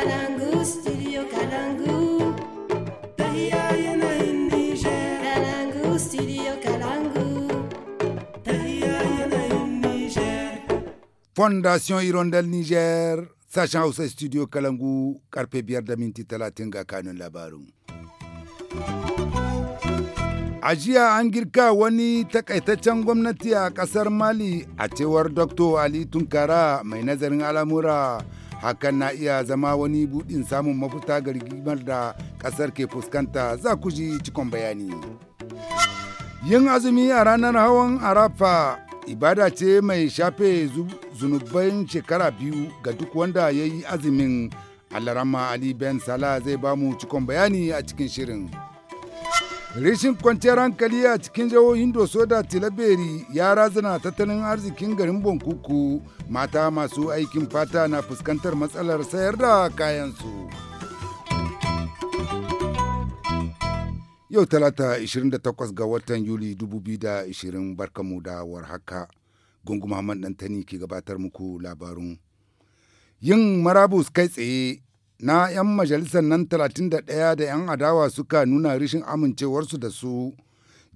Kalangu, studio Kalangu. Fondation Hirondelle Niger, sachant Hausa studio Kalangu, Carpe biyar da minti talatin ga kanun labarin. A jiya an girka wani takaitaccen gwamnati a ƙasar Mali a cewar Dr. Ali Tunkara mai nazarin al'amura hakan na iya zama wani budin samun mafita ga rigimar da ƙasar ke fuskanta za ku ji cikon bayani yin azumi a ranar hawan arafa ibada ce mai shafe zunuban shekara biyu ga duk wanda ya yi azumin alarama ali ben sala zai bamu cikon bayani a cikin shirin Rishin kwanciyar hankali a cikin jihohin Doso da Tilaberi ya razana tattalin arzikin garin Bonkuku mata masu aikin fata na fuskantar matsalar sayar da kayansu. Yau talata 28 ga watan Yuli 2020 barkamu da haka Gungu Muhammad Dantani ke gabatar muku labarun. Yin marabus kai tsaye na 'yan majalisar nan 31 da 'yan adawa suka nuna rishin amincewarsu da su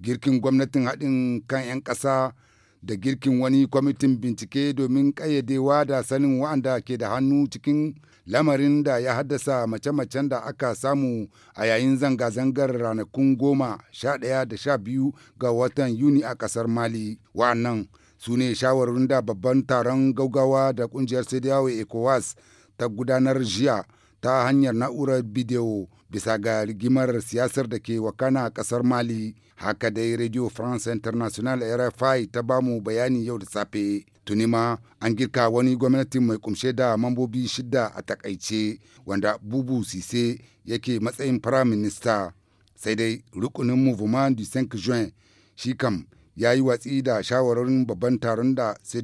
girkin gwamnatin haɗin kan 'yan ƙasa da girkin wani kwamitin bincike domin ƙayyadewa da sanin wa'anda ke da hannu cikin lamarin da ya haddasa mace-macen da aka samu a yayin zanga-zangar ranakun goma sha ɗaya da sha biyu ga watan yuni a ƙasar mali wa'annan su ne shawarun da babban taron gaugawa da ƙungiyar sediyawa ecowas ta gudanar jiya ta hanyar na'urar bidiyo bisa ga rigimar siyasar da ke wakana a kasar mali haka dai radio france international rfi ta bamu bayani yau da safe tuni ma an girka wani gwamnati mai kumshe da mambobi shida a takaice wanda bubu sise yake matsayin prime minister sai dai rukunin mouvement du 5 juin shi kam ya yi watsi da shawararin babban taron da sai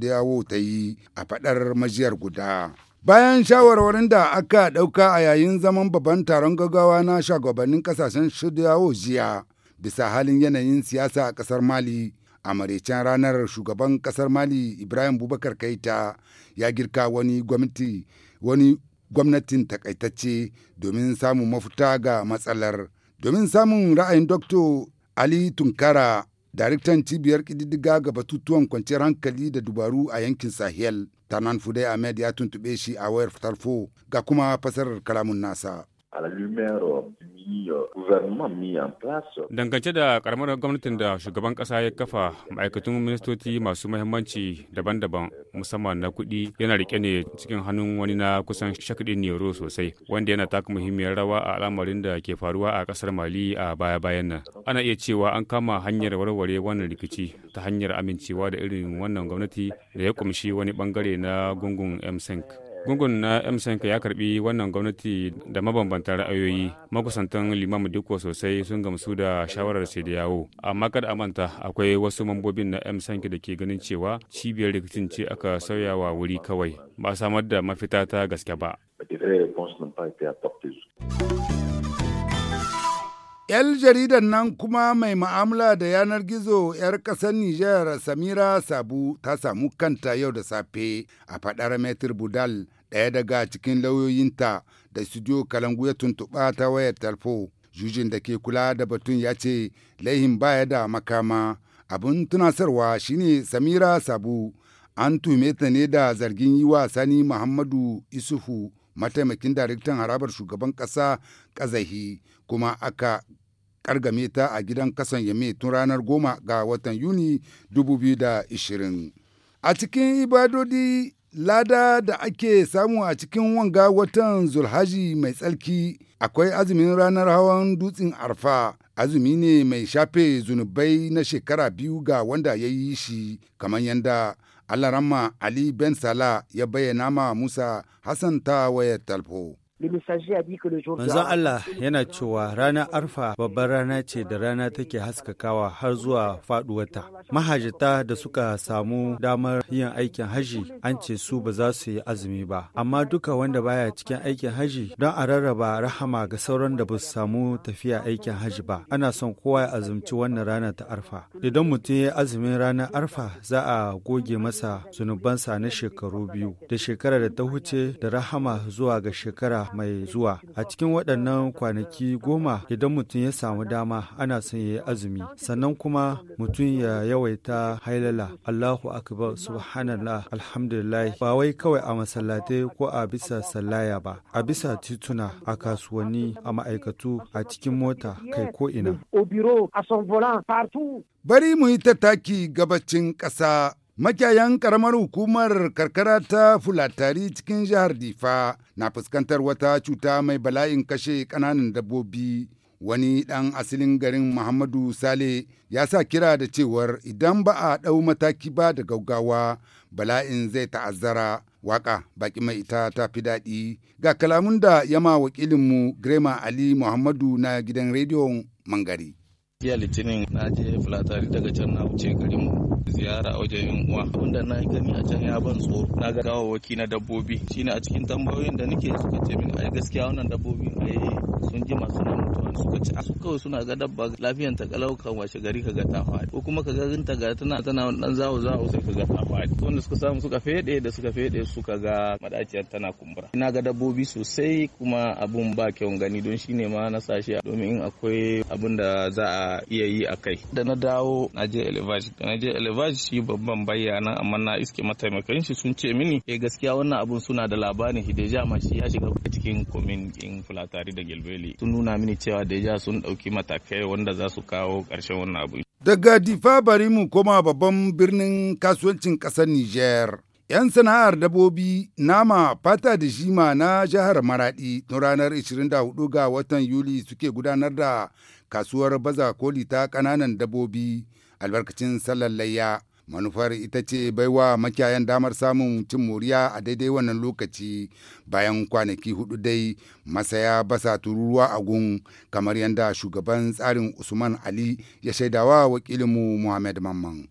ta yi a faɗar majiyar guda. Bayan shawarwarin da aka ɗauka a yayin zaman babban taron gaggawa na shugabannin kasashen shirya jiya bisa halin yanayin siyasa a ƙasar Mali, a maraicen ranar shugaban ƙasar Mali Ibrahim Bubakar Kaita ya girka wani gwamnatin takaitacce domin samun mafita ga matsalar. Domin samun ra'ayin Dr. Ali Tunkara Daraktan cibiyar ƙididdiga ga batutuwan kwanciyar hankali da dubaru a yankin Sahel, Tanan Fudai Ahmed ya tuntuɓe shi a wayar tarfo ga kuma fasarar kalamun nasa. à Dangance da karamar gwamnatin da shugaban kasa ya kafa ma'aikatun ministoci masu mahimmanci daban-daban musamman na kuɗi yana rike ne cikin hannun wani na kusan shakadin nero sosai wanda yana taka muhimmiyar rawa a al'amarin da ke faruwa a kasar Mali a baya-bayan nan. Ana iya cewa an kama hanyar warware wannan rikici ta hanyar amincewa da irin wannan gwamnati da ya kumshi wani bangare na gungun msenk Gungun na MSNK ya karbi wannan gwamnati da mabambantan ra'ayoyi. Makusantan Limamu Dikko sosai sun gamsu da shawarar sai da yawo. Amma kada a manta akwai wasu mambobin na MSNK da ke ganin cewa cibiyar rikicin ce aka sauyawa wuri kawai. Ba samar da mafita ta gaske ba. 'Yar jaridan nan kuma mai ma'amala da yanar gizo 'yar ƙasar Nijar Samira Sabu ta samu kanta yau da safe a faɗar Metir Budal ɗaya daga cikin lauyoyinta da studio Kalangu ya tuntuɓa ta wayar talfo. Jujin da ke kula da batun ya ce laihin baya da makama. Abin tunasarwa shine Samira Sabu an tume ta ne da zargin yi wa Sani Muhammadu isuhu mataimakin daraktan harabar shugaban ƙasa ƙazahi kuma aka kargame ta a gidan kasan yame tun ranar goma ga watan yuni 2020 a cikin ibadodi lada da ake samu a cikin wanga watan zulhaji mai tsarki akwai azumin ranar hawan dutsen arfa azumi ne mai shafe zunubai na shekara biyu ga wanda ya yi shi kamar yadda alarama ali ben sala ya bayyana ma musa hassan ta wayar talfo Manzon Allah yana cewa ranar arfa babbar rana ce da rana take haskakawa har zuwa faduwata Mahajita da suka samu damar yin aikin haji an ce su ba za su yi azumi ba. Amma duka wanda baya cikin aikin haji don a rarraba rahama ga sauran da ba su samu tafiya aikin haji ba. Ana son kowa ya azumci wannan rana ta arfa. Idan mutum ya azumin ranar arfa za a goge masa zunubansa na shekaru biyu da shekara da ta huce da rahama zuwa ga shekara mai zuwa a cikin waɗannan kwanaki goma idan mutum ya samu dama ana son ya yi azumi sannan kuma mutum ya yawaita hailala allahu akbar subhanallah alhamdulillah ba wai kawai a masallatai ko a bisa sallaya ba a bisa tituna a kasuwanni a ma'aikatu a cikin mota kai ko ina bari mu yi tattaki gabacin ƙasa Makiyayan karamar hukumar karkara ta Fulatari cikin jihar Difa na fuskantar wata cuta mai bala'in kashe ƙananan dabbobi. Wani ɗan asalin garin Muhammadu Sale ya sa kira da cewar idan ba a ɗau mataki ba da gaugawa bala'in zai ta'azzara. Waƙa baƙi mai ita ta fi daɗi ga kalamun da yama wakilinmu Grema Ali Muhammadu na gidan rediyon Mangari. jiya litinin na je filatari daga can na wuce garin ziyara a wajen yin uwa abinda na gani a can ya ban tsoro na ga waki na dabbobi shine a cikin tambayoyin da nake suka ce min ai gaskiya wannan dabbobi ai sun ji masu mutuwa suka ci su ah, kawai suna ga dabba lafiyan ta kalau kan washe gari ka ga ta faɗi ko kuma ka ga ta ga tana tana dan zawo zawo sai ka ga ta faɗi wanda suka samu suka fede da suka fede suka ga madaciyar tana kumbura ina ga dabbobi sosai kuma abun ba kyau gani don shine ma na sashe domin in akwai abin da za a iya yi a kai da na dawo na je elevage da na je elevage shi babban bayyana amma na iske mataimakan shi sun ce mini eh gaskiya wannan abun suna da labarin hideja ma shi ya shiga cikin komin in fulatari da gelbeli sun nuna mini cewa deja sun dauki matakai wanda za su kawo karshen wannan abu daga difa bari mu koma babban birnin kasuwancin kasar niger 'Yan sana'ar dabobi nama fata da shima na jihar Maradi tun ranar 24 ga watan Yuli suke gudanar da kasuwar baza koli ta ƙananan dabobi albarkacin sallar layya. manufar ita ce baiwa makiyayan damar samun cin moriya a daidai wannan lokaci bayan kwanaki hudu dai masaya basa tururuwa a gun kamar yadda shugaban tsarin usman ali ya shaidawa wakilinmu muhammad mamman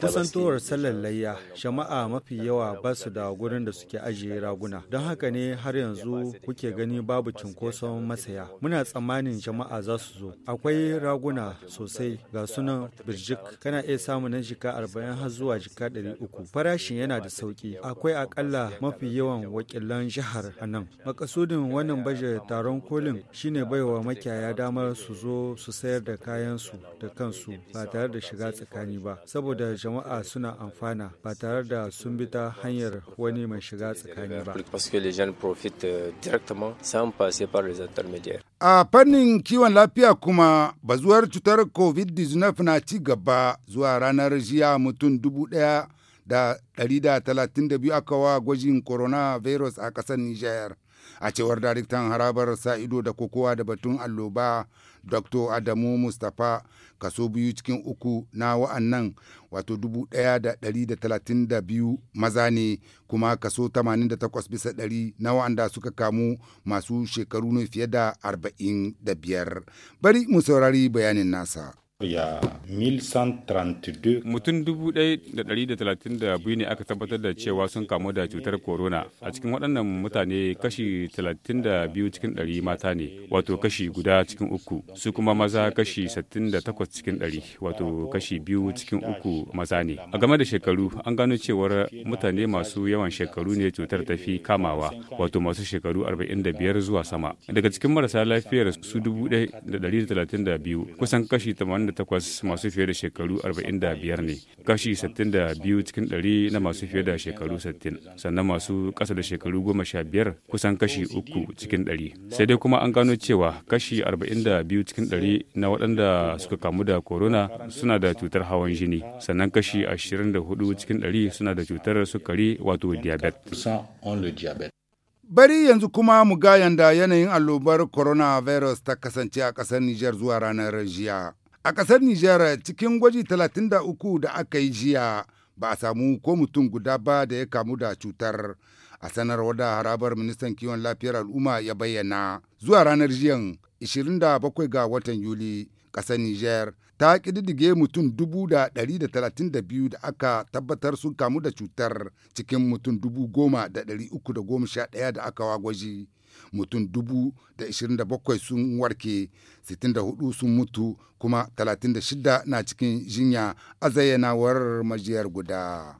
Kusantowar sallar layya, shama'a mafi yawa ba su da gurin da suke ajiye raguna. Don haka ne har yanzu kuke gani babu cinkoson masaya. Muna tsammanin jama'a za su zo. Akwai raguna sosai ga sunan birjik kana iya samu nan jika arba'in har zuwa jika ɗari uku. Farashin yana da sauki. Akwai akalla mafi yawan wakilan jihar a nan. Makasudin wannan baje taron kolin shine baiwa makiyaya damar su zo su sayar da kayan su da kansu ba tare da shiga tsakani ba. ba saboda jama'a suna amfana ba tare da sun bi ta hanyar wani mai shiga tsakani ba. Euh, a fannin kiwon lafiya kuma bazuwar cutar COVID-19 na ci gaba zuwa ranar jiya mutum dubu daya da 132 aka wa gwajin coronavirus a ƙasar Nijar. a cewar daraktan harabar sa ido da kokowa da batun alloba dr adamu mustapha kaso biyu cikin uku na wa'annan wato 1,132 maza ne kuma kaso 88 bisa ɗari na wa'anda suka kamu masu shekaru ne fiye da 45 bari mu saurari bayanin nasa Mutum 1,132 ne aka tabbatar da cewa sun kamu da cutar corona. A cikin waɗannan mutane kashi 32 cikin 100 mata ne, wato kashi guda cikin uku. Su kuma maza kashi 68 cikin 100, wato kashi biyu cikin uku maza ne. A game da shekaru, an gano cewar mutane masu yawan shekaru ne cutar tafi kamawa, wato masu shekaru 45 zuwa sama. Daga cikin marasa lafiyar su 1,132 kusan kashi 80 48 masu fiye da shekaru 45 ne, kashi 62 cikin 100 na masu fiye da shekaru 60, sannan masu kasa da shekaru 15 kusan kashi 3 cikin 100. Sai dai kuma an gano cewa kashi 42 cikin 100 na waɗanda suka kamu da corona suna da cutar hawan jini, sannan kashi 24 cikin 100 suna da cutar sukari wato diabetes. Bari yanzu kuma mu ga yanda yanayin allobar coronavirus ta kasance a ƙasar Nijar zuwa ranar jiya. A ƙasar Nijar cikin gwaji 33 da aka yi jiya ba a samu ko mutum guda ba da ya kamu da cutar. A sanarwa da harabar ministan kiwon lafiyar al'umma ya bayyana zuwa ranar jiyan 27 ga watan Yuli ƙasar Nijar ta ƙididdige mutum 132 da aka tabbatar sun kamu da cutar cikin mutum 10,311 da aka gwaji. mutum dubu da ishirin da bakwai sun warke sittin da hudu sun mutu kuma talatin da shida na cikin jinya a zayyanawar majiyar guda.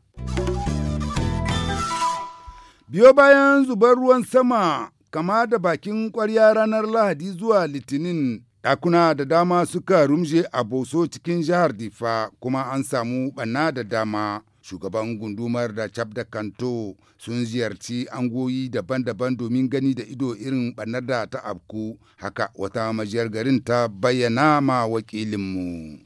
Biyo bayan zubar ruwan sama kama da bakin kwarya ranar Lahadi zuwa Litinin ɗakuna da dama suka rumje a Boso cikin jihar Difa kuma an samu ɓanna da dama. shugaban gundumar da da kanto sun ziyarci angoyi daban-daban domin gani da ido irin bannar da ta abku haka wata majiyar garin ta bayyana ma wakilinmu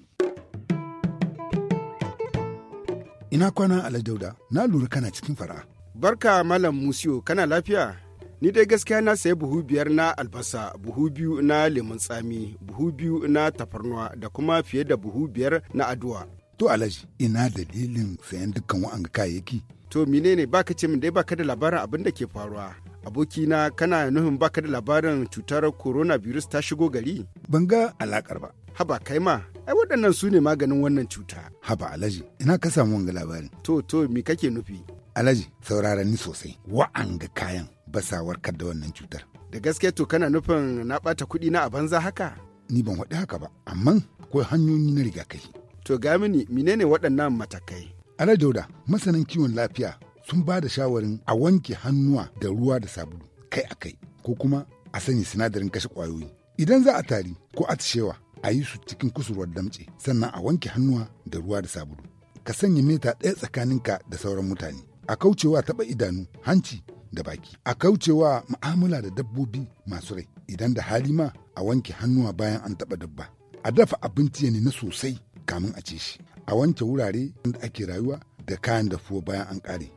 ina kwana aladauda na lura kana cikin fara barka malam musio kana lafiya ni dai gaskiya na sayi buhu biyar na albasa buhu biyu na lemun tsami buhu biyu na tafarnuwa da kuma fiye da buhu biyar na aduwa To alaji ina dalilin sayan dukkan wa'an kayayyaki. To menene baka ce min dai baka da labarin abin da ke faruwa. Abokina kana nufin baka da labarin cutar coronavirus ta shigo gari? Ban ga alakar ba. Haba kai ma, ai waɗannan su ne maganin wannan cuta. Haba alaji, ina ka samu wanga labarin. To to me kake nufi? Alaji, saurarani sosai. Wa'anga kayan basawar da wannan cutar. Da gaske to kana nufin na bata kuɗi na a banza haka? Ni ban waɗi haka ba, amma akwai hanyoyi na rigakafi. To ga mini menene waɗannan matakai? Ana Dauda, masanin kiwon lafiya sun ba da shawarin a wanke hannuwa da ruwa da sabulu kai a kai ko kuma a sanya sinadarin kashe kwayoyi. Idan za a tari ko a atishewa a yi su cikin kusurwar damtse sannan a wanke hannuwa da ruwa da sabulu. Ka sanya mita ɗaya tsakaninka da sauran mutane. A kaucewa taɓa idanu, hanci da baki. A kaucewa mu'amala da dabbobi masu rai. Idan da hali ma a wanke hannuwa bayan an taɓa dabba. A dafa abinci ya na sosai kamun a ci shi a wanke wurare da ake rayuwa da kayan dafuwa bayan an ƙare.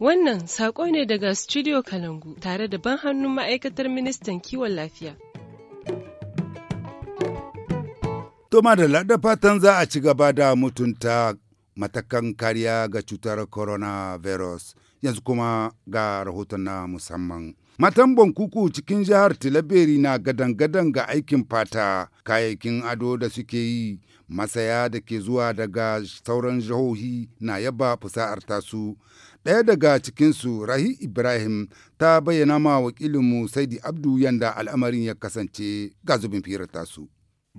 Wannan saƙo ne daga Studio Kalangu tare da ban hannun ma'aikatar ministan kiwon lafiya. To madalla da fatan za a ci gaba da mutunta matakan kariya ga cutar coronavirus yanzu kuma ga rahoton na musamman. Matan bankuku cikin jihar Tilaberi na gadan-gadan ga aikin fata, kayayyakin ado da suke yi, masaya da ke zuwa daga sauran jihohi na yaba fusa'ar tasu. Ɗaya daga cikinsu, Rahi Ibrahim, ta bayyana ma wakilinmu Saidi Abdu yanda al'amarin ya kasance ga zubin firar tasu.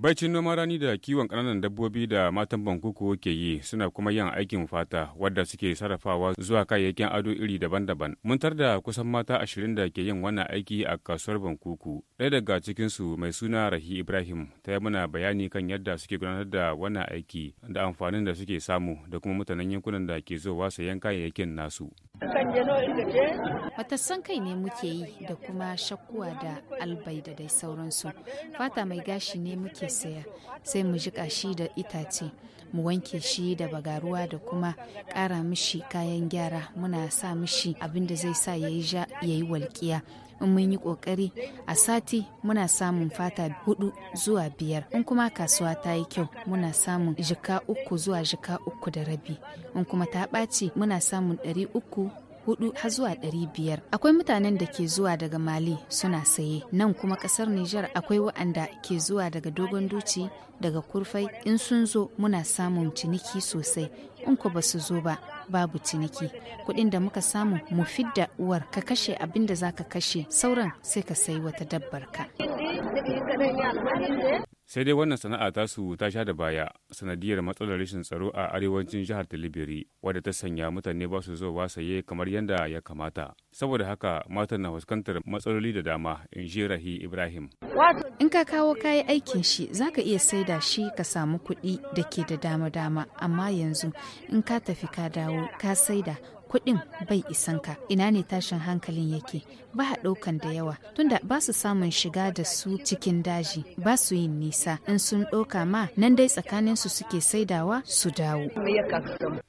Baicin noman rani da kiwon ƙananan dabbobi da matan bankuku ke yi suna kuma yin aikin fata wadda suke sarrafawa zuwa kayayyakin ado iri daban-daban. Mun tar da kusan mata ashirin da ke yin wannan aiki a kasuwar bankuku. Ɗaya daga cikinsu mai suna Rahi Ibrahim ta yi mana bayani kan yadda suke gudanar da wannan aiki da amfanin da suke samu da kuma mutanen yankunan da ke zowa sayan kayayyakin nasu. matasan kai ne muke yi da kuma shakkuwa da albai da dai sauransu. Fata mai gashi ne muke saya, sai mu jiƙa shi da itace, mu wanke shi da bagaruwa da kuma ƙara mishi kayan gyara muna sa mishi abin da zai sa ya yi walƙiya. in mun yi kokari a sati muna samun fata hudu zuwa biyar in kuma kasuwa ta yi kyau muna samun jika uku zuwa jika uku da rabi in kuma ta ɓaci muna samun ɗari uku hudu har zuwa ɗari biyar akwai mutanen da ke zuwa daga mali suna saye nan kuma ƙasar Nijar akwai waɗanda ke zuwa daga dogon duci daga kurfai in sun zo muna samun ciniki sosai in ku ba su zo ba babu ciniki kuɗin da muka samu mu fidda uwar ka kashe abin da za ka kashe sauran sai ka sayi wata dabbar ka sai dai wannan sana'a ta su ta sha da baya sanadiyar matsalar rashin tsaro a arewacin jihar Tilibiri wadda ta sanya mutane ba su ba saye kamar yadda ya kamata saboda haka matan na fuskantar matsaloli da dama in ji rahi ibrahim in ka kawo kayan aikin shi za ka iya saida shi ka samu kuɗi da ke da dama-dama amma yanzu in ka tafi ka dawo ka saida kuɗin bai isan ka ina ne tashin hankalin yake ba a ɗaukan da yawa tunda ba su samun shiga da su cikin daji ba su yin nisa in sun ɗauka ma nan dai tsakanin su suke saidawa su dawo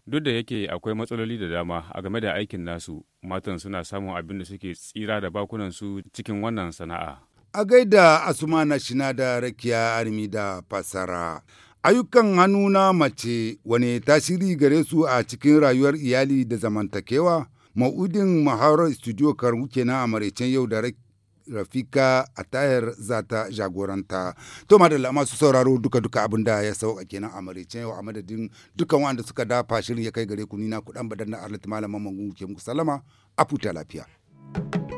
duk da yake akwai matsaloli da dama a game da aikin nasu matan suna samun abin da suke tsira da bakunan su cikin wannan sana'a A gaida Asumana Shina da Rakiya Armi da Fasara. Ayyukan hannu na mace wane tasiri gare su a cikin rayuwar iyali da zamantakewa? Ma'udin Maharar Studio Karu kenan a maraicen yau da Rafika a tayar za ta jagoranta. To madalla masu sauraro duka duka abin da ya sauka kenan a maraicen yau a madadin dukan wanda suka dafa shirin ya kai gare ku nina kudan badan na Arlit Malaman Mangun ke muku salama a lafiya.